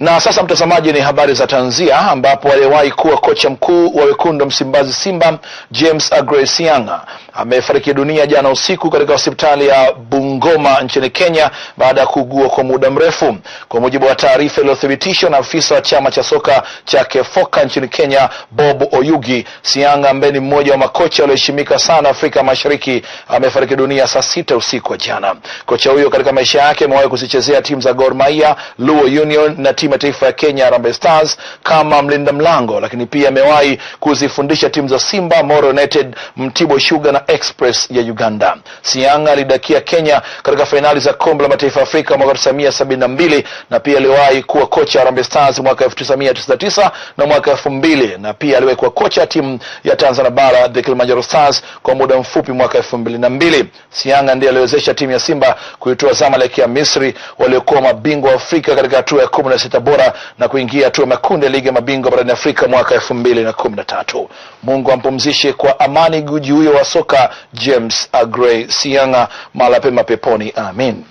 Na sasa mtazamaji, ni habari za tanzia, ambapo aliyewahi kuwa kocha mkuu wa wekundu Msimbazi Simba James Agresianga amefariki dunia jana usiku katika hospitali ya Bungoma nchini Kenya baada ya kuugua kwa muda mrefu, kwa mujibu wa taarifa iliyothibitishwa na afisa wa chama cha soka cha Kefoka nchini Kenya Bob Oyugi. Sianga ambaye ni mmoja wa makocha walioheshimika sana Afrika Mashariki amefariki dunia saa sita usiku wa jana. Kocha huyo katika maisha yake amewahi kuzichezea timu za Gor Mahia, Luo Union na timu timu ya Kenya Harambee Stars kama mlinda mlango, lakini pia amewahi kuzifundisha timu za Simba, Moro United, Mtibwa Sugar na Express ya Uganda. Sianga alidakia Kenya katika fainali za kombe la mataifa ya Afrika mwaka 1972 na pia aliwahi kuwa kocha Harambee Stars mwaka 1999 na mwaka 2000 na pia aliwahi kuwa kocha timu ya Tanzania Bara the Kilimanjaro Stars kwa muda mfupi mwaka 2002. Sianga ndiye aliwezesha timu ya Simba kuitoa Zamalek ya Misri waliokuwa mabingwa wa Afrika katika hatua ya 16 Tabora na kuingia hatua ya makundi ya ligi ya mabingwa barani Afrika mwaka elfu mbili na kumi na tatu. Mungu ampumzishe kwa amani guji huyo wa soka James Agrey Sianga mala pema peponi, amin.